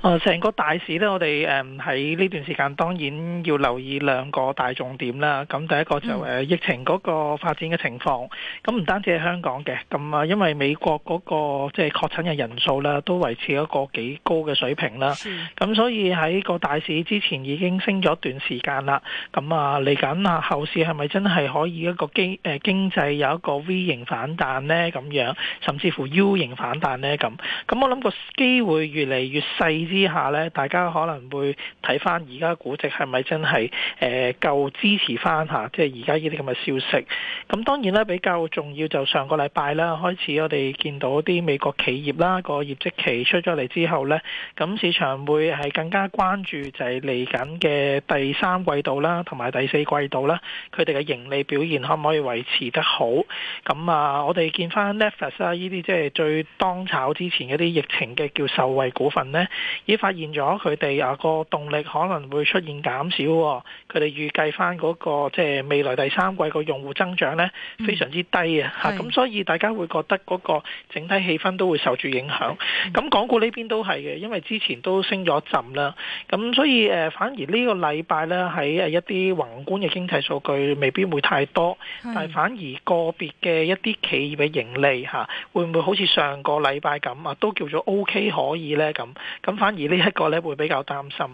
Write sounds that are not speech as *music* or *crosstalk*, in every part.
啊！成、呃、個大市咧，我哋誒喺呢段時間當然要留意兩個大重點啦。咁第一個就誒、是嗯啊、疫情嗰個發展嘅情況。咁唔單止係香港嘅，咁啊，因為美國嗰、那個即係、就是、確診嘅人數啦都維持一個幾高嘅水平啦。咁是所以喺個大市之前已經升咗一段時間啦。咁啊，嚟緊啊，後市係咪真係可以一個經誒、呃、經濟有一個 V 型反彈呢？咁樣，甚至乎 U 型反彈呢？咁，咁我諗個機會越嚟越細。之下呢，大家可能會睇翻而家估值係咪真係誒、呃、夠支持翻嚇？即係而家呢啲咁嘅消息。咁當然啦，比較重要就上個禮拜啦開始，我哋見到啲美國企業啦、個業績期出咗嚟之後呢，咁市場會係更加關注就係嚟緊嘅第三季度啦，同埋第四季度啦，佢哋嘅盈利表現可唔可以維持得好？咁啊，我哋見翻 Netflix 啊依啲即係最當炒之前嗰啲疫情嘅叫受惠股份呢。已發現咗佢哋啊個動力可能會出現減少，佢哋預計返嗰個即係、就是、未來第三季個用戶增長呢，非常之低啊！嚇、嗯，咁所以大家會覺得嗰個整體氣氛都會受住影響。咁、嗯、港股呢邊都係嘅，因為之前都升咗浸啦，咁所以誒反而呢個禮拜呢，喺誒一啲宏觀嘅經濟數據未必會太多，是但係反而個別嘅一啲企業嘅盈利嚇，會唔會好似上個禮拜咁啊？都叫做 OK 可以呢。咁咁反。反而呢一個咧會比較擔心，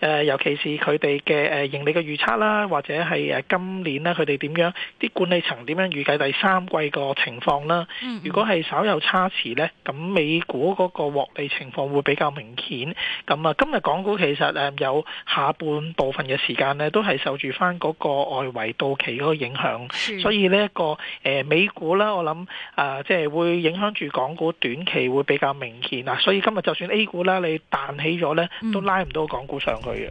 誒尤其是佢哋嘅誒盈利嘅預測啦，或者係誒今年咧佢哋點樣啲管理層點樣預計第三季個情況啦。如果係稍有差池咧，咁美股嗰個獲利情況會比較明顯。咁啊，今日港股其實誒有下半部分嘅時間咧，都係受住翻嗰個外圍到期嗰個影響，所以呢一個誒美股啦，我諗啊，即係會影響住港股短期會比較明顯啊。所以今日就算 A 股啦，你大彈起咗咧，都拉唔到港股上去嘅。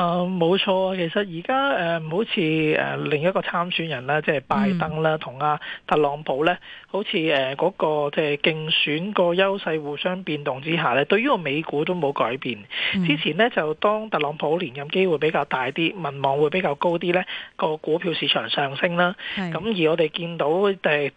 冇、嗯、錯啊！其實而家誒，好似另一個參選人啦，即係拜登啦，同阿、嗯啊、特朗普咧，好似嗰、呃嗰個即係競選個優勢互相變動之下咧，對於個美股都冇改變。嗯、之前呢，就當特朗普連任機會比較大啲，民望會比較高啲咧，個股票市場上升啦。咁是的 而我哋見到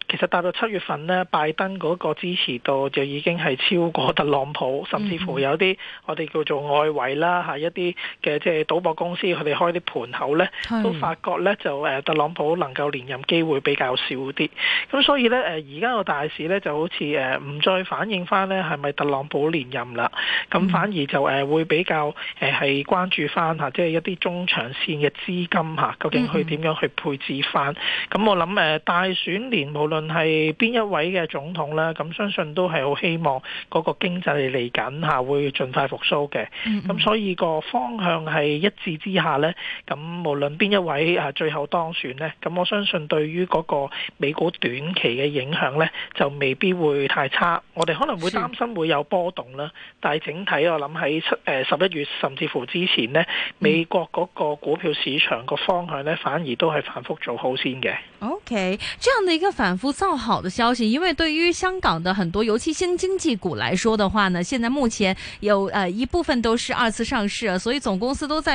其實達到七月份呢，拜登嗰個支持度就已經係超過特朗普，甚至乎有啲、嗯、我哋叫做外圍啦吓一啲嘅即係賭博、嗯、公司佢哋開啲盤口咧，都發覺咧就誒特朗普能夠連任機會比較少啲，咁所以咧誒而家個大市咧就好似誒唔再反映翻咧係咪特朗普連任啦，咁反而就誒、嗯、會比較誒係、呃、關注翻吓，即係一啲中長線嘅資金吓，究竟佢點樣去配置翻？咁、嗯嗯、我諗誒大選年無論係邊一位嘅總統咧，咁相信都係好希望嗰個經濟嚟緊吓會盡快復甦嘅，咁、嗯嗯、所以個方向係一致之下呢，咁無論邊一位啊最後當選呢，咁我相信對於嗰個美股短期嘅影響呢，就未必會太差。我哋可能會擔心會有波動啦，是但係整體我諗喺誒十一月甚至乎之前呢，嗯、美國嗰個股票市場個方向呢，反而都係反覆做好先嘅。O.K.，這樣的一個反覆造好的消息，因為對於香港的很多，尤其新經濟股來說的話呢，現在目前有誒一部分都是二次上市，所以總公司都在。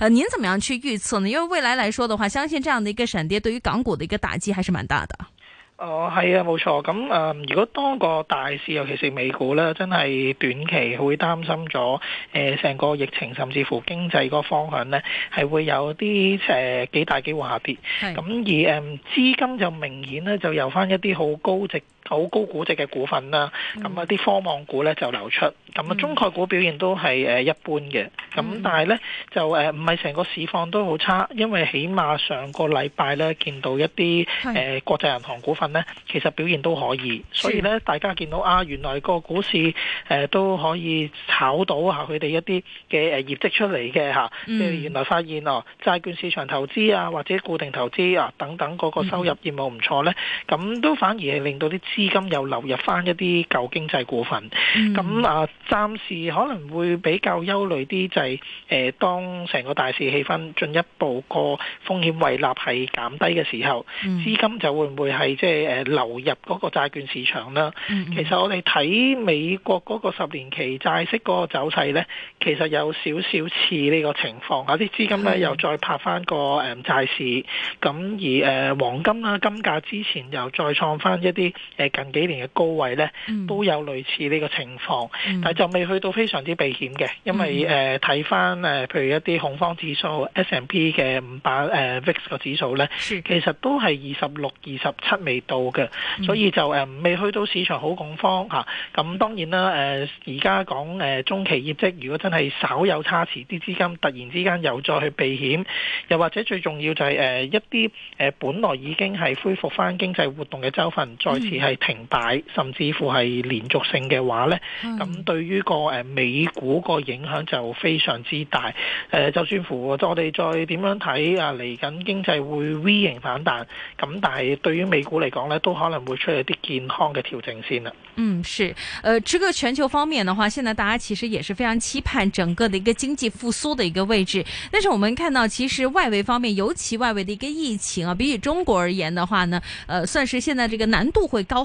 誒，您怎麼樣去預測呢？因為未來來說的話，相信這樣的一個閃跌，對於港股的一個打擊還是蠻大的。哦、呃，係啊，冇錯。咁誒、呃，如果當個大市，尤其是美股咧，真係短期會擔心咗，誒、呃，成個疫情甚至乎經濟個方向呢，係會有啲誒幾大機會下跌。咁而誒、呃、資金就明顯呢，就由翻一啲好高值。好高估值嘅股份啦，咁啊啲科網股咧就流出，咁啊中概股表現都係誒一般嘅，咁、嗯嗯、但係咧就誒唔係成個市況都好差，因為起碼上個禮拜咧見到一啲誒國際銀行股份咧，其實表現都可以，所以咧大家見到啊原來個股市誒都可以炒到吓佢哋一啲嘅誒業績出嚟嘅吓，即係、嗯、原來發現哦債券市場投資啊或者固定投資啊等等嗰個收入業務唔錯咧，咁都反而係令到啲。資金又流入翻一啲舊經濟股份，咁啊、嗯，暫時可能會比較憂慮啲、就是，就係誒，當成個大市氣氛進一步個風險位納係減低嘅時候，嗯、資金就會唔會係即係誒流入嗰個債券市場啦？嗯、其實我哋睇美國嗰個十年期債息嗰個走勢呢，其實有少少似呢個情況，有啲資金呢，又再拍翻個誒債市，咁、嗯、而誒黃金啦，金價之前又再創翻一啲誒。近幾年嘅高位咧，都有類似呢個情況，嗯、但係就未去到非常之避險嘅，嗯、因為誒睇翻誒譬如一啲恐慌指數 S&P 嘅五百誒 VIX 個指數咧，的其實都係二十六、二十七未到嘅，所以就誒未去到市場好恐慌嚇。咁、啊、當然啦，誒而家講誒中期業績，如果真係稍有差池，啲資金突然之間又再去避險，又或者最重要就係、是、誒、呃、一啲誒本來已經係恢復翻經濟活動嘅州份，再次係。停擺甚至乎係連續性嘅話咧，咁、嗯、對於個誒美股個影響就非常之大。誒、呃，就算乎我哋再點樣睇啊，嚟緊經濟會 V 型反彈，咁但係對於美股嚟講咧，都可能會出現啲健康嘅調整先啦。嗯，是。誒、呃，這個全球方面的話，現在大家其實也是非常期盼整個的一個經濟復甦的一個位置。但是我們看到其實外圍方面，尤其外圍的一個疫情啊，比起中國而言的話呢，誒、呃，算是現在這個難度會高。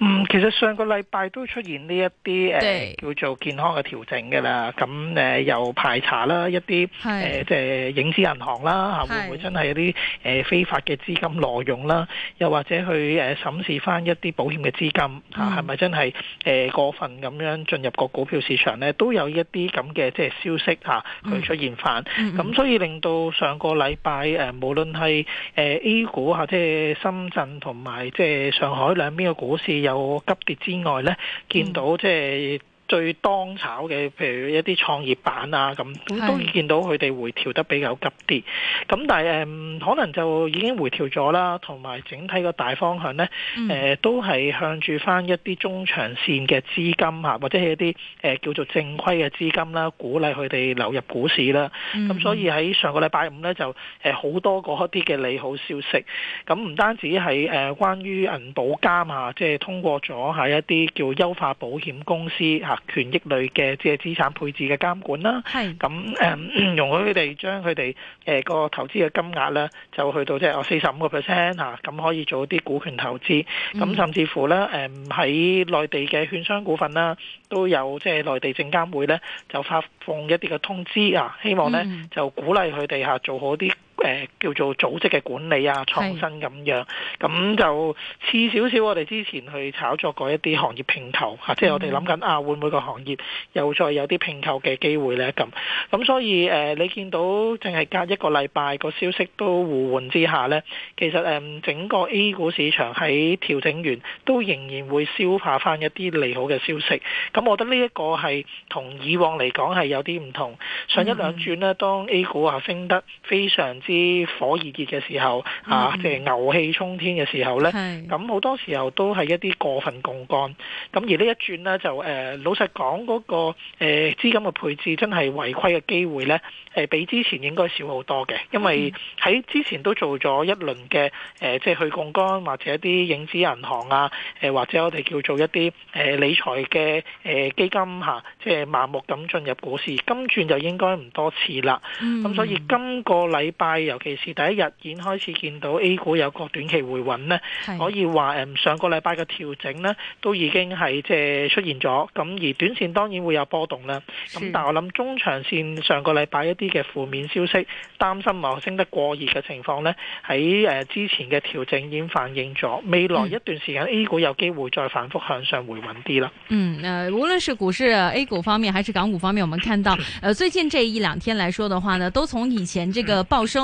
嗯，其實上個禮拜都出現呢一啲誒對、呃，叫做健康嘅調整嘅啦。咁誒、嗯呃，又排查啦一啲誒，即係是、呃就是、影子銀行啦，吓是會唔會真係有啲誒、呃、非法嘅資金挪用啦？又或者去誒審、呃、視翻一啲保險嘅資金吓，係、啊、咪、嗯、真係誒、呃、過分咁樣進入個股票市場咧？都有一啲咁嘅即係消息吓，去、啊嗯、出現翻。咁、嗯、所以令到上個禮拜誒、呃，無論係誒 A 股吓，即係深圳同埋即係上海兩邊嘅股市。有急跌之外咧，見到即係，最當炒嘅，譬如一啲創業板啊，咁都見到佢哋回調得比較急啲。咁但係誒，可能就已經回調咗啦。同埋整體個大方向呢，都係向住翻一啲中長線嘅資金，或者係一啲叫做正規嘅資金啦，鼓勵佢哋流入股市啦。咁所以喺上個禮拜五呢，就好多嗰一啲嘅利好消息。咁唔單止係誒關於銀保監下，即係通過咗喺一啲叫優化保險公司權益類嘅即係資產配置嘅監管啦，咁誒容許佢哋將佢哋誒個投資嘅金額咧，就去到即係哦四十五個 percent 嚇，咁可以做啲股權投資，咁、嗯、甚至乎咧誒喺內地嘅券商股份啦，都有即係內地證監會咧就發放一啲嘅通知啊，希望咧就鼓勵佢哋嚇做好啲。誒、呃、叫做組織嘅管理啊、創新咁樣，咁是就似少少我哋之前去炒作過一啲行業拼購、嗯、即係我哋諗緊啊，會唔會個行業又再有啲拼購嘅機會呢？咁咁所以誒、呃，你見到淨係隔一個禮拜個消息都互換之下呢，其實誒、嗯、整個 A 股市場喺調整完都仍然會消化翻一啲利好嘅消息。咁我覺得呢一個係同以往嚟講係有啲唔同。上一兩轉呢，嗯、當 A 股啊升得非常。之火熱嘅時候，mm hmm. 啊，即、就、係、是、牛氣沖天嘅時候呢，咁好、mm hmm. 多時候都係一啲過分共幹槓桿。咁而呢一轉呢，就誒、呃、老實講嗰、那個誒、呃、資金嘅配置，真係違規嘅機會呢，誒、呃、比之前應該少好多嘅，因為喺之前都做咗一輪嘅誒，即、呃、係、就是、去槓桿或者啲影子銀行啊，誒、呃、或者我哋叫做一啲誒、呃、理財嘅誒、呃、基金嚇，即、啊、係、就是、盲目咁進入股市。今轉就應該唔多次啦。咁、mm hmm. 所以今個禮拜。尤其是第一日已經開始見到 A 股有一個短期回穩呢是可以話誒、呃、上個禮拜嘅調整呢都已經係即出現咗。咁、呃、而短線當然會有波動啦。咁是但係我諗中長線上個禮拜一啲嘅負面消息，擔心啊升得過熱嘅情況呢，喺誒、呃、之前嘅調整已經反映咗。未來一段時間 A 股有機會再反覆向上回穩啲啦。嗯，誒、呃，無論是股市 A 股方面，還是港股方面，我們看到、呃、最近這一兩天來說的話呢，都從以前這個暴升、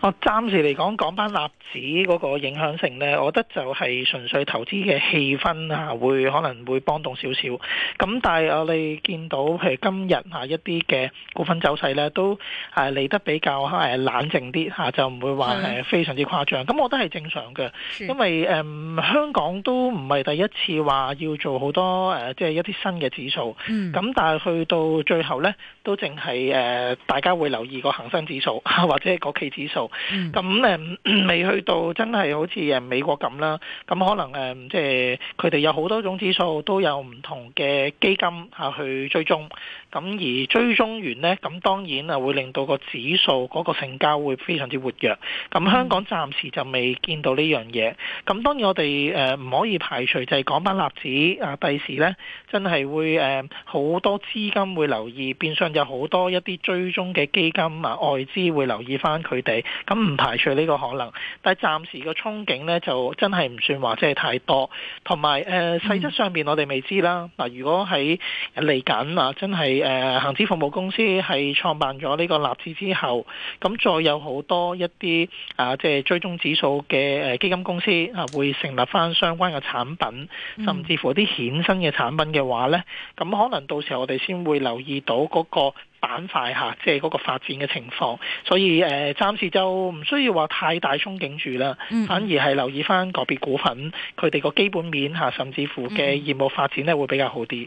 我暫時嚟講，港版納指嗰個影響性呢，我覺得就係純粹投資嘅氣氛啊，會可能會波動少少。咁但係我哋見到，譬如今日吓一啲嘅股份走勢呢，都誒嚟得比較冷靜啲吓，就唔會話係非常之誇張。咁 Yes. 我覺得係正常嘅，因為誒、嗯、香港都唔係第一次話要做好多誒即係一啲新嘅指數。咁、mm. 但係去到最後呢，都淨係誒大家會留意個恒生指數或者指數咁誒未去到真係好似誒美國咁啦，咁可能誒即係佢哋有好多種指數，都有唔同嘅基金啊去追蹤。咁而追蹤完呢，咁當然啊會令到個指數嗰個成交會非常之活躍。咁香港暫時就未見到呢樣嘢。咁當然我哋誒唔可以排除就係講翻納指啊，第時呢真係會誒好多資金會留意，變相有好多一啲追蹤嘅基金啊外資會留意翻佢。佢哋咁唔排除呢個可能，但暫時個憧憬呢就真係唔算話即係太多，同埋、呃、細則上面我哋未知啦。嗱、嗯，如果喺嚟緊啊，真係誒恆指服務公司係創辦咗呢個納指之後，咁再有好多一啲啊即係、就是、追蹤指數嘅基金公司啊，會成立翻相關嘅產品，甚至乎啲衍生嘅產品嘅話呢，咁可能到時候我哋先會留意到嗰、那個。板塊吓，即係嗰個發展嘅情況。所以誒，呃，暫時就唔需要話太大憧憬住啦，反而係留意翻個別股份佢哋個基本面吓，甚至乎嘅業務發展咧，會比較好啲。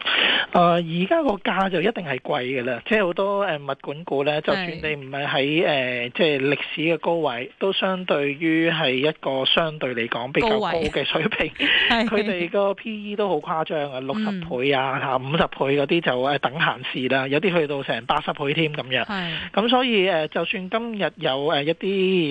誒，而家個價就一定係貴嘅啦，即係好多誒物管股咧，就算你唔係喺誒即係歷史嘅高位，都相對於係一個相對嚟講比較高嘅水平。係，佢哋個 P E 都好誇張啊，六十倍啊，吓五十倍嗰啲就誒等閒事啦，有啲去到成八十倍添咁樣。係，咁所以誒，就算今日有誒一啲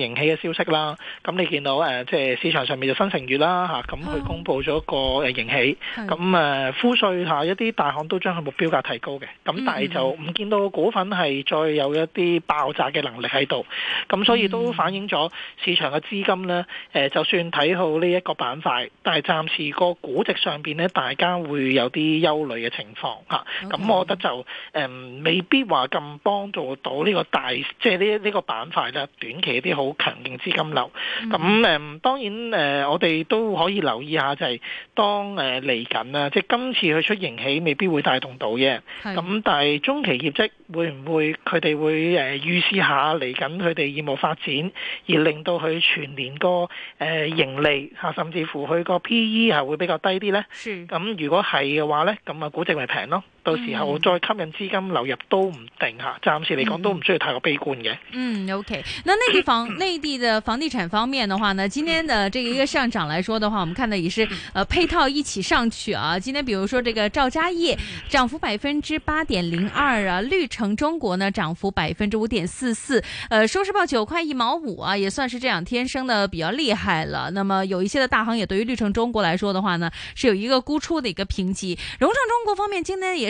盈喜嘅消息啦，咁你見到誒即係市場上面就新城悅啦吓，咁佢公布咗個誒盈喜，咁誒，富瑞下一。啲大行都將佢目標價提高嘅，咁但係就唔見到股份係再有一啲爆炸嘅能力喺度，咁、嗯、所以都反映咗市場嘅資金呢，就算睇好呢一個板塊，但係暫時個估值上面呢，大家會有啲憂慮嘅情況咁 Okay, 我覺得就、嗯、未必話咁幫助到呢個大，即係呢呢個板塊呢，短期一啲好強勁資金流。咁、嗯嗯、當然、呃、我哋都可以留意下、就係，就係當嚟緊啦，即係今次佢出盈喜。你未必會帶動到嘅，咁的但係中期業績會唔會佢哋會誒預示下嚟緊佢哋業務發展，而令到佢全年個誒盈利吓，甚至乎佢個 PE 係會比較低啲呢？咁的如果係嘅話呢，咁啊估值咪平咯。到時候再吸引資金流入都唔定嚇，暫時嚟講都唔需要太過悲觀嘅。嗯，OK。那內地房、內 *coughs* 地的房地產方面的話呢，今天的這這一個上漲來說的話，我們看到也是， *coughs* 呃，配套一起上去啊。今天，比如說這個佳兆業漲，漲幅百分之八點零二啊；綠城中國呢，漲幅百分之五點四四，呃，收市報九塊一毛五啊，也算是這兩天升得比較厲害了。那麼有一些的大行也對於綠城中國來說的話呢，是有一個沽出的一個評級。融創中國方面，今天也。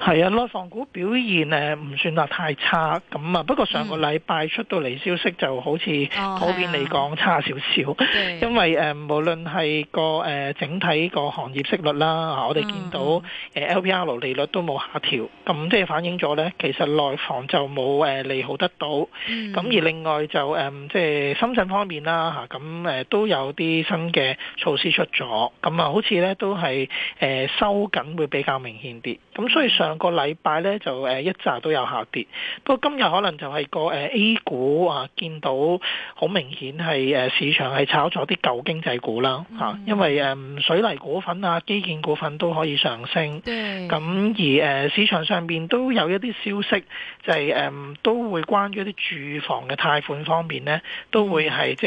係啊，內房股表現誒唔算話太差，咁啊不過上個禮拜出到嚟消息就好似普遍嚟講差少少，哦啊、因為誒無論係個誒整體個行業息率啦，嗯、我哋見到誒 LPR 利率都冇下調，咁、嗯、即係反映咗咧，其實內房就冇誒利好得到，咁、嗯、而另外就誒即係深圳方面啦嚇，咁誒都有啲新嘅措施出咗，咁啊好似咧都係誒收緊會比較明顯啲，咁所以。上個禮拜咧就一扎都有下跌，不過今日可能就係個 A 股啊見到好明顯係市場係炒咗啲舊經濟股啦、嗯、因為、嗯、水泥股份啊、基建股份都可以上升。咁對而、啊、市場上面都有一啲消息，就係、是嗯、都會關於啲住房嘅貸款方面咧，都會係即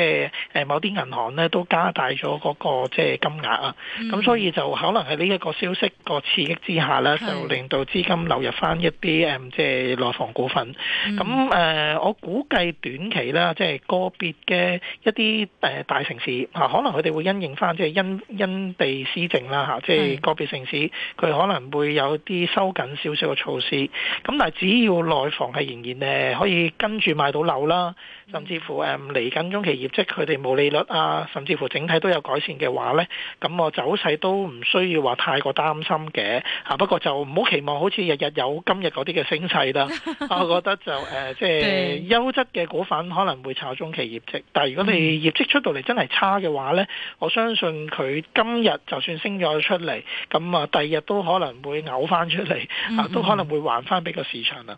係某啲銀行咧都加大咗嗰、那個即係、就是、金額啊。咁、嗯、所以就可能係呢一個消息個刺激之下咧，對就令到。資金流入翻一啲誒，即係內房股份。咁誒、嗯嗯，我估計短期啦，即係個別嘅一啲誒大城市嚇，可能佢哋會因應翻，即係因因地施政啦嚇，即係個別城市佢可能會有啲收緊少少嘅措施。咁但係只要內房係仍然誒，可以跟住買到樓啦。甚至乎嚟緊中期業績，佢哋冇利率啊，甚至乎整體都有改善嘅話呢，咁我走勢都唔需要話太過擔心嘅。不過就唔好期望好似日日有今日嗰啲嘅升勢啦。 *laughs* 我覺得就即係、呃即係、對優質嘅股份可能會炒中期業績，但係如果你業績出到嚟真係差嘅話呢，我相信佢今日就算升咗出嚟，咁啊第二日都可能會嘔翻出嚟、啊，都可能會還翻俾個市場啦。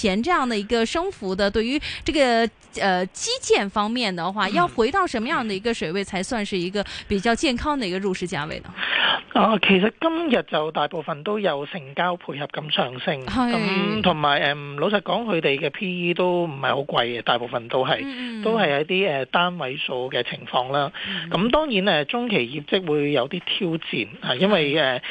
前這樣的一個升幅的，對於這個，呃，基建方面的話，嗯、要回到什麼樣的一個水位，才算是一個比較健康的一個入市價位呢？啊，其實今日就大部分都有成交配合咁上升，咁同埋，誒、呃，老實講，佢哋嘅 PE 都唔係好貴嘅，大部分都係，嗯、都係一啲誒、呃、單位數嘅情況啦。咁、嗯、當然，誒、呃、中期業績會有啲挑戰，嗯、因為，誒、呃，誒、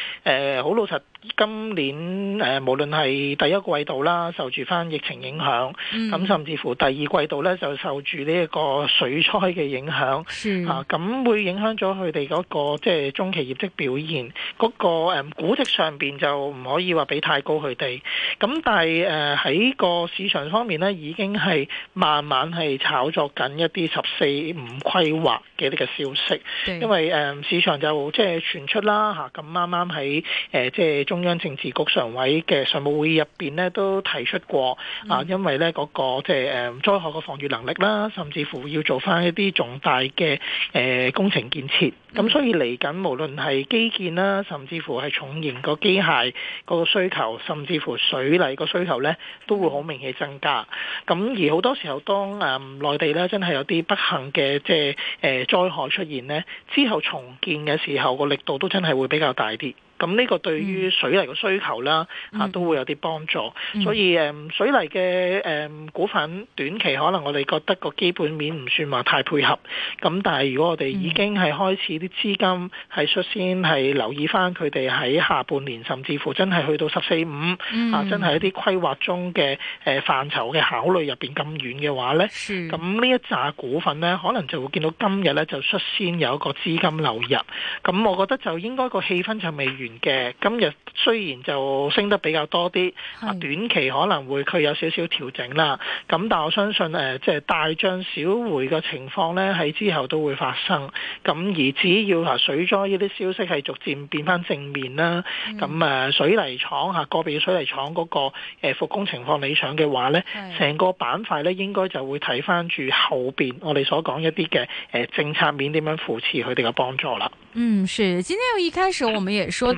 呃，好老實。今年誒、呃、無論係第一季度啦，受住翻疫情影響，咁、嗯、甚至乎第二季度咧就受住呢一個水災嘅影響咁是、啊、會影響咗佢哋嗰個即係、就是、中期業績表現，嗰、那個誒、嗯、估值上面就唔可以話比太高佢哋。咁但係喺、呃、個市場方面咧，已經係慢慢係炒作緊一啲十四五規劃嘅呢個消息，是因為誒、嗯、市場就即係、就是、傳出啦咁啱啱喺誒即係。啊剛剛中央政治局常委嘅常務會議入邊咧，都提出過啊，嗯、因為咧個個即係誒災害嘅防禦能力啦，甚至乎要做翻一啲重大嘅誒工程建設，咁、嗯、所以嚟緊無論係基建啦，甚至乎係重型個機械嗰個需求，甚至乎水泥個需求咧，都會好明顯增加。咁而好多時候，當誒內地咧真係有啲不幸嘅即係誒災害出現咧，之後重建嘅時候，個力度都真係會比較大啲。咁呢個對於水泥嘅需求啦，嚇、嗯啊、都會有啲幫助，嗯、所以誒水泥嘅誒、嗯、股份短期可能我哋覺得個基本面唔算話太配合，咁但係如果我哋已經係開始啲資金係率先係留意翻佢哋喺下半年甚至乎真係去到十四五啊，真係一啲規劃中嘅誒範疇嘅考慮入邊咁遠嘅話咧，咁呢一扎股份咧可能就會見到今日咧就率先有一個資金流入，咁我覺得就應該個氣氛就未完。嘅今日雖然就升得比較多啲，短期可能會佢有少少調整啦。咁但我相信誒即係大漲小回嘅情況咧，喺之後都會發生。咁而只要啊水災呢啲消息係逐漸變翻正面啦，咁誒、嗯、水泥廠吓個別水泥廠嗰個誒復工情況理想嘅話咧，成、嗯、個板塊咧應該就會睇翻住後邊我哋所講一啲嘅誒政策面點樣扶持佢哋嘅幫助啦。嗯，是。今天一開始我們也說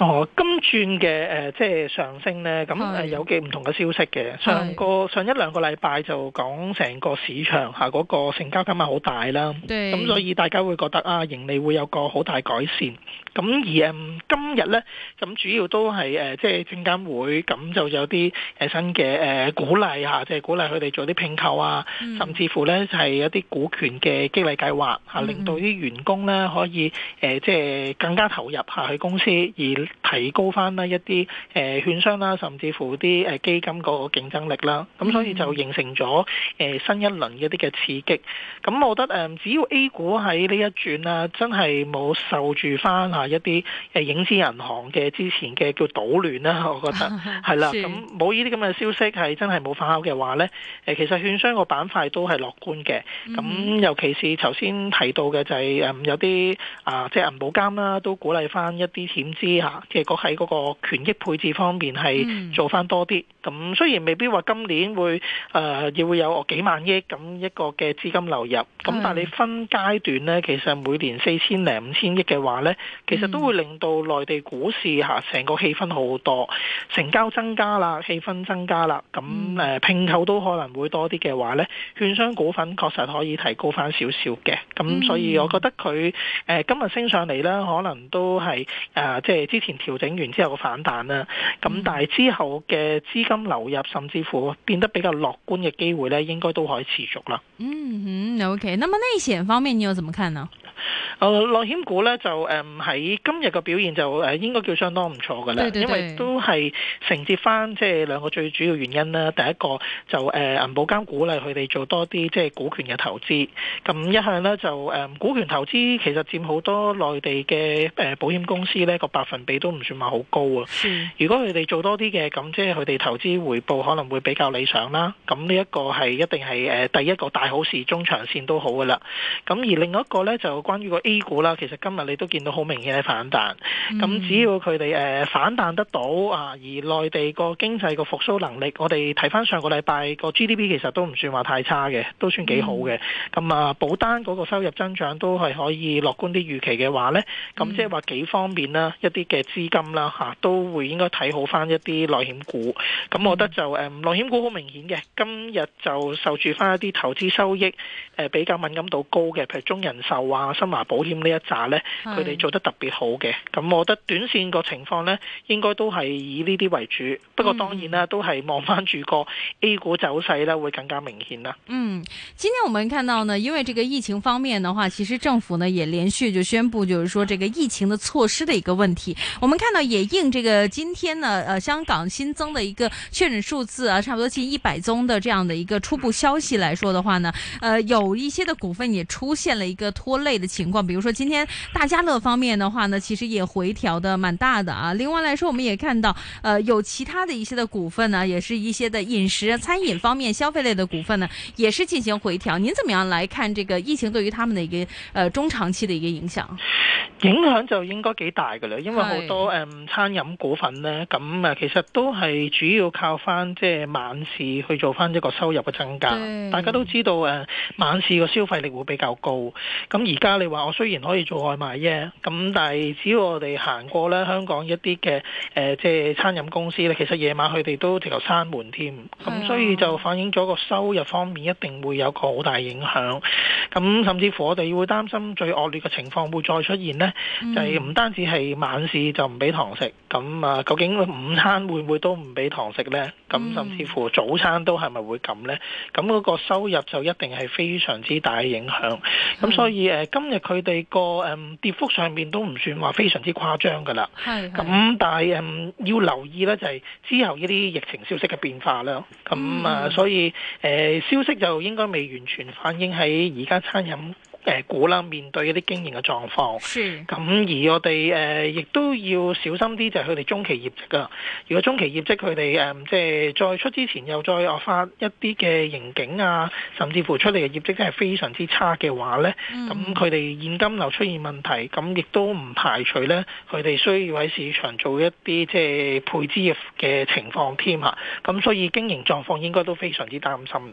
哦，今轉嘅即係上升咧，咁、嗯、誒是有幾唔同嘅消息嘅。是上個上一兩個禮拜就講成個市場下嗰個成交金額好大啦，咁對所以大家會覺得啊，盈利會有個好大改善。咁而今日呢，咁主要都係即係證監會咁就有啲新嘅誒鼓勵嚇，即係鼓勵佢哋做啲併購啊，甚至乎呢係有啲股權嘅激勵計劃嚇，令到啲員工呢可以誒即係更加投入下去公司，而提高翻啦一啲誒券商啦，甚至乎啲基金嗰個競爭力啦。咁所以就形成咗誒新一輪一啲嘅刺激。咁我覺得誒，只要 A 股喺呢一轉啊，真係冇受住翻嚇一啲誒影子銀行嘅之前嘅叫搗亂啦、啊，我覺得係啦。咁冇呢啲咁嘅消息係真係冇發酵嘅話咧，誒其實券商個板塊都係樂觀嘅。咁、嗯、尤其是頭先提到嘅就係、是、誒有啲啊，即係銀保監啦，都鼓勵翻一啲險資嚇，即係喺嗰個權益配置方面係做翻多啲。咁、嗯、雖然未必話今年會誒亦會有幾萬億咁一個嘅資金流入，咁的但係你分階段咧，其實每年四千零五千億嘅話咧其實都會令到內地股市吓成個氣氛好多，成交增加啦，氣氛增加啦，咁誒併購都可能會多啲嘅話咧，券商股份確實可以提高翻少少嘅，咁所以我覺得佢誒、呃、今日升上嚟，咧，可能都係誒即係之前調整完之後嘅反彈啦，咁、嗯、但係之後嘅資金流入甚至乎變得比較樂觀嘅機會咧，應該都可以持續啦。嗯哼，OK，哼那麼內險方面你有怎麼看呢？誒、呃，內險股咧就誒係。呃你今日嘅表現就應該叫相當唔錯嘅啦，對對對，因為都係承接翻即係兩個最主要原因啦。第一個就、呃、銀保監鼓勵佢哋做多啲即係股權嘅投資，咁一向咧就、呃、股權投資其實佔好多內地嘅、呃、保險公司咧個百分比都唔算話好高啊。是如果佢哋做多啲嘅，咁即係佢哋投資回報可能會比較理想啦。咁呢一個係一定係、呃、第一個大好事，中長線都好嘅啦。咁而另一個咧就關於個 A 股啦，其實今日你都見到好明顯。反彈，咁、嗯、只要佢哋誒反彈得到啊，而內地個經濟個復甦能力，我哋睇翻上個禮拜個 GDP 其實都唔算話太差嘅，都算幾好嘅。咁、嗯、啊，保單嗰個收入增長都係可以樂觀啲預期嘅話呢，咁即係話幾方便啦，一啲嘅資金啦、啊、都會應該睇好翻一啲內險股。咁我覺得就誒、嗯嗯、內險股好明顯嘅，今日就受住翻一啲投資收益誒比較敏感度高嘅，譬如中人壽啊、新華保險呢一紮呢，佢哋是做得特別好嘅，咁我覺得短線個情況呢，應該都係以呢啲為主。不過當然啦,都係望翻住個 A 股走勢呢，會更加明顯啦。嗯，今天我們看到呢，因為這個疫情方面的話，其實政府呢也連續就宣布，就是說這個疫情的措施的一個問題。我們看到也應這個今天呢，呃，香港新增的一個確診數字啊，差不多近一百宗的這樣的一個初步消息來說的話呢，呃有一些的股份也出現了一個拖累的情況，比如說今天大家樂方面呢。話呢，其實也回調的蠻大的啊。另外來說，我們也看到，呃，有其他的一些的股份呢、啊，也是一些的飲食、餐飲方面消費類的股份呢、啊，也是進行回調。您怎麼樣來看這個疫情對於他們的一個，呃，中長期的一個影響？影響就應該幾大嘅啦，因為好多的、嗯、餐飲股份呢，咁、嗯、啊，其實都係主要靠翻即係晚市去做翻一個收入嘅增加。的大家都知道誒、呃，晚市個消費力會比較高。咁而家你話我雖然可以做外賣啫。咁。但係，只要我哋行過咧，香港一啲嘅誒，即係餐飲公司咧，其實夜晚佢哋都直頭閂門添，咁的所以就反映咗個收入方面一定會有個好大影響。咁甚至乎我哋會擔心最惡劣嘅情況會再出現呢，嗯、就係唔單止係晚市就唔俾堂食，咁啊，究竟午餐會唔會都唔俾堂食呢？咁甚至乎早餐都係咪會咁呢？咁嗰個收入就一定係非常之大嘅影響。咁所以誒、呃，今日佢哋個誒跌幅上面都。唔算話非常之誇張噶啦，咁是是 但係要留意咧，就係之後呢啲疫情消息嘅變化啦。咁啊，所以誒，消息就應該未完全反映喺而家餐飲。誒股啦，面對一啲經營嘅狀況，咁是而我哋誒亦都要小心啲，就係佢哋中期業績啊。如果中期業績佢哋誒即係再出之前又再發一啲嘅盈警啊，甚至乎出嚟嘅業績真係非常之差嘅話呢，咁佢哋現金流出現問題，咁亦都唔排除呢，佢哋需要喺市場做一啲即係配資嘅情況添嚇。咁所以經營狀況應該都非常之擔心。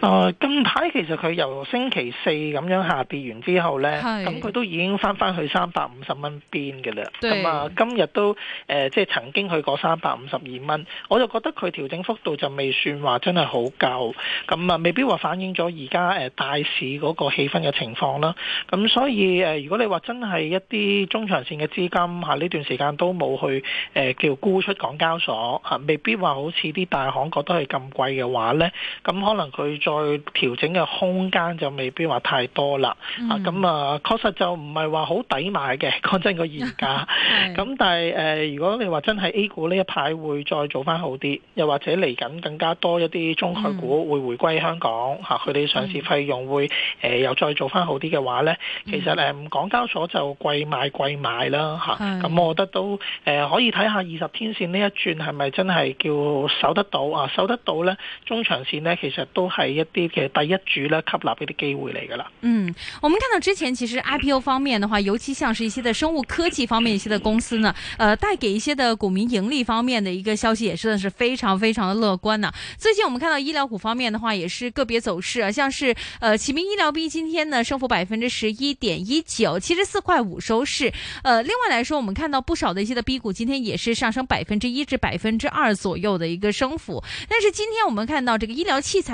誒，近排其實佢由星期四咁樣下跌完之後呢，咁佢是都已經返返去三百五十蚊邊嘅啦。咁啊對，今日都誒，即、呃、係、就是、曾經去過三百五十二蚊，我就覺得佢調整幅度就未算話真係好夠，咁啊，未必話反映咗而家誒大市嗰個氣氛嘅情況啦。咁所以誒，如果你話真係一啲中長線嘅資金吓呢段時間都冇去誒、呃、叫沽出港交所吓、啊，未必話好似啲大行覺得係咁貴嘅話呢。咁可能。佢再調整嘅空間就未必話太多啦。咁、嗯、啊，確實就唔係話好抵買嘅，講真個現價。咁 *laughs* 是但係誒、呃，如果你話真係 A 股呢一排會再做翻好啲，又或者嚟緊更加多一啲中概股會回歸香港嚇，佢哋、嗯啊、上市費用會誒又、嗯呃、再做翻好啲嘅話咧，其實誒、呃、港交所就貴買貴買啦嚇。咁、啊、是我覺得都誒、呃、可以睇下二十天線呢一轉係咪真係叫守得到啊？守得到咧，中長線咧其實。都係一啲嘅第一主咧，吸納一啲機會嚟噶啦。嗯，我們看到之前其實 IPO 方面的話，尤其像是一些的生物科技方面一些的公司呢，呃，帶給一些的股民盈利方面的一個消息，也真的是非常非常的樂觀啦。最近我們看到醫療股方面的話，也是個別走勢，啊，像是，呃，啟明醫療 B 今天呢升幅百分之十一點一九，七十四塊五收市。呃，另外來說，我們看到不少的一些的 B 股今天也是上升百分之一至百分之二左右的一個升幅。但是今天我們看到這個醫療器材。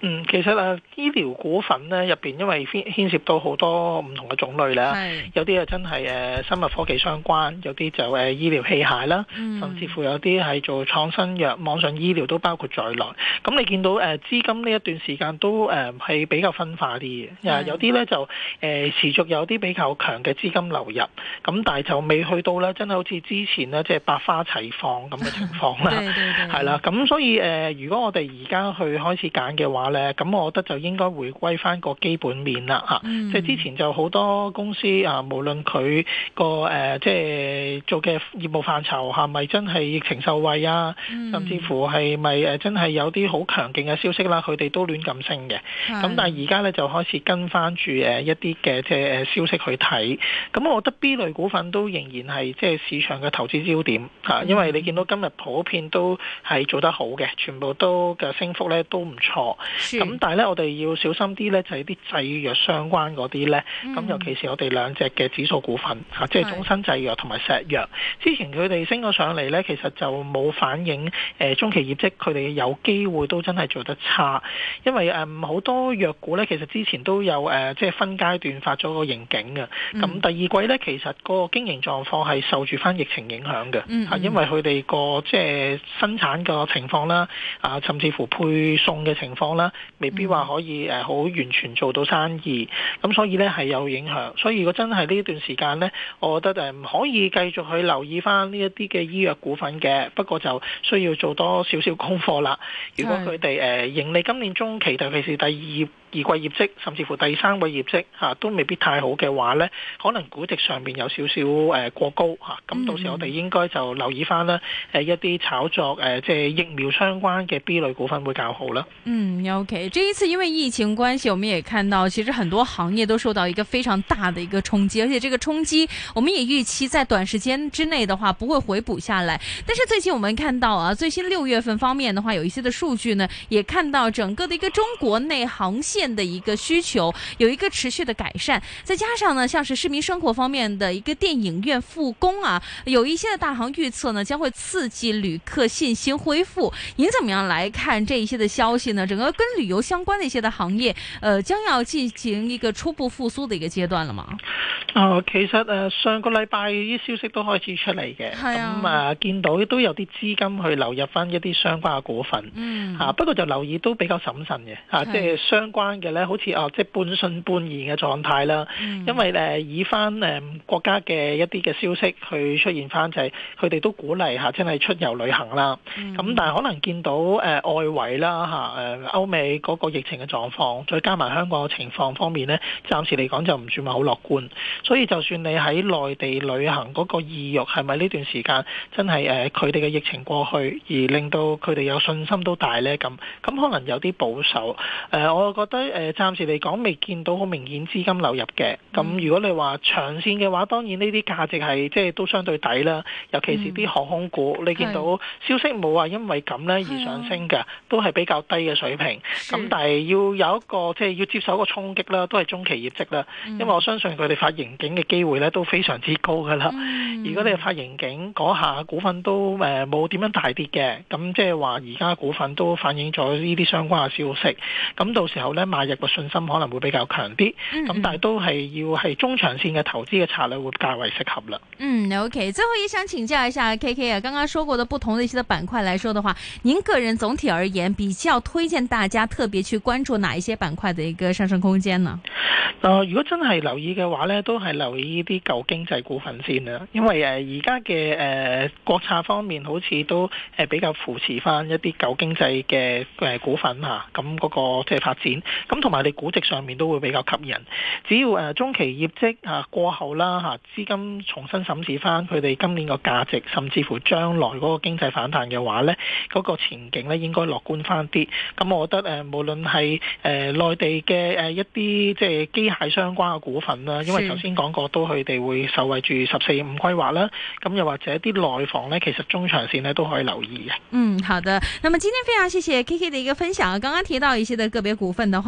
嗯，其實誒、啊、醫療股份咧入邊，因為，因為牽、牽涉到好多唔同嘅種類啦，是有啲啊真係誒生物科技相關，有啲就誒、啊、醫療器械啦，嗯、甚至乎有啲係做創新藥、網上醫療都包括在內。咁你見到誒、啊、資金呢一段時間都誒係、啊、比較分化啲嘅，是有啲咧就誒、啊、持續有啲比較強嘅資金流入，咁但係就未去到咧真係好似之前咧即係百花齊放咁嘅情況啦。係啦， *laughs* 咁所以誒、啊，如果我哋而家去開始揀嘅話，咁，我覺得就應該回歸翻個基本面啦嚇。即係、嗯、之前就好多公司啊，無論佢個誒即係做嘅業務範疇係咪真係疫情受惠啊，嗯、甚至乎係咪誒真係有啲好強勁嘅消息啦，佢哋都亂咁升嘅。咁的但係而家咧就開始跟翻住誒一啲嘅即係消息去睇。咁我覺得 B 類股份都仍然係即係市場嘅投資焦點嚇，嗯、因為你見到今日普遍都係做得好嘅，全部都嘅升幅咧都唔錯。咁、嗯、但係咧，我哋要小心啲咧，就係啲製藥相關嗰啲咧。咁、嗯、尤其是我哋兩隻嘅指數股份即係中生製藥同埋石藥。是之前佢哋升咗上嚟咧，其實就冇反映中期業績，佢哋有機會都真係做得差。因為誒好多藥股咧，其實之前都有即係分階段發咗個盈警嘅。咁、嗯、第二季咧，其實個經營狀況係受住翻疫情影響嘅嚇，嗯、因為佢哋個即係生產個情況啦，啊甚至乎配送嘅情況啦。嗯、未必話可以誒好完全做到生意，咁所以呢係有影響。所以如果真係呢段時間呢，我覺得唔可以繼續去留意返呢一啲嘅醫藥股份嘅，不過就需要做多少少功課啦。如果佢哋誒盈利今年中期，特別是第二二季業績甚至乎第三季業績吓、啊、都未必太好嘅話咧，可能估值上面有少少誒過高吓。咁、啊、到時我哋應該就留意翻啦，誒、嗯啊、一啲炒作誒、啊、即係疫苗相關嘅 B 類股份會較好啦。嗯，OK，這一次因為疫情關係，我們也看到其實很多行業都受到一個非常大的一個衝擊，而且這個衝擊我們也預期在短時間之內的話不會回補下來。但是最近我們看到啊，最新六月份方面的話，有一些的數據呢，也看到整個的一個中國內行。店的一個需求有一個持續的改善，再加上呢，像是市民生活方面的一個電影院復工啊，有一些的大行預測呢，將會刺激旅客信心恢復。您怎麼樣來看這一些的消息呢？整個跟旅遊相關的一些的行業，呃，將要進行一個初步復蘇的一個階段了嗎？哦，其實呃，上個禮拜啲消息都開始出嚟嘅，咁啊、嗯呃，見到都有啲資金去流入翻一啲相關嘅股份，嗯啊，不過就留意都比較審慎嘅吓是、啊，即係相關。嘅咧，好似啊，即係半信半疑嘅狀態啦。Mm hmm. 因為誒、啊、以翻誒、嗯、國家嘅一啲嘅消息去出現翻，就係佢哋都鼓勵嚇，真係出遊旅行啦。咁、mm hmm. 但係可能見到誒、呃、外圍啦吓誒歐美嗰個疫情嘅狀況，再加埋香港嘅情況方面咧，暫時嚟講就唔算話好樂觀。所以就算你喺內地旅行嗰個意欲，係咪呢段時間真係誒佢哋嘅疫情過去而令到佢哋有信心都大咧咁？咁可能有啲保守誒、呃，我覺得。誒暫時嚟講未見到好明顯資金流入嘅，咁如果你話長線嘅話，當然呢啲價值係即係都相對低啦，尤其是啲航空股，嗯、你見到消息冇話的因為咁呢而上升嘅，是的都係比較低嘅水平。咁的但係要有一個即係要接受一個衝擊啦，都係中期業績啦，嗯、因為我相信佢哋發盈警嘅機會呢都非常之高噶啦。如果你發盈警嗰下股份都冇點樣大跌嘅，咁即係話而家股份都反映咗呢啲相關嘅消息，咁到時候呢。買入個信心可能會比較強啲，咁、嗯嗯、但係都係要係中長線嘅投資嘅策略會較為適合啦。嗯，OK，最後也想請教一下 K K 啊，剛剛說過的不同的一些的板塊來說的話，您個人總體而言比較推薦大家特別去關注哪一些板塊的一個上升空間呢？誒，如果真係留意嘅話呢，都係留意啲舊經濟股份先啦，因為誒而家嘅，誒國策方面好似都誒、呃、比較扶持翻一啲舊經濟嘅誒、呃、股份吓、啊，咁、嗯、嗰、那個即係發展。咁同埋你估值上面都會比較吸引，只要誒中期業績嚇過後啦嚇，資金重新審視翻佢哋今年個價值，甚至乎將來嗰個經濟反彈嘅話咧，嗰個前景咧應該樂觀翻啲。咁我覺得誒無論係誒內地嘅誒一啲即係機械相關嘅股份啦，是因為頭先講過都佢哋會受惠住十四五規劃啦。咁又或者啲內房咧，其實中長線咧都可以留意嘅。嗯，好的。那麼今天非常謝謝 K K 嘅一個分享啊，剛剛提到一些嘅個別股份嘅話。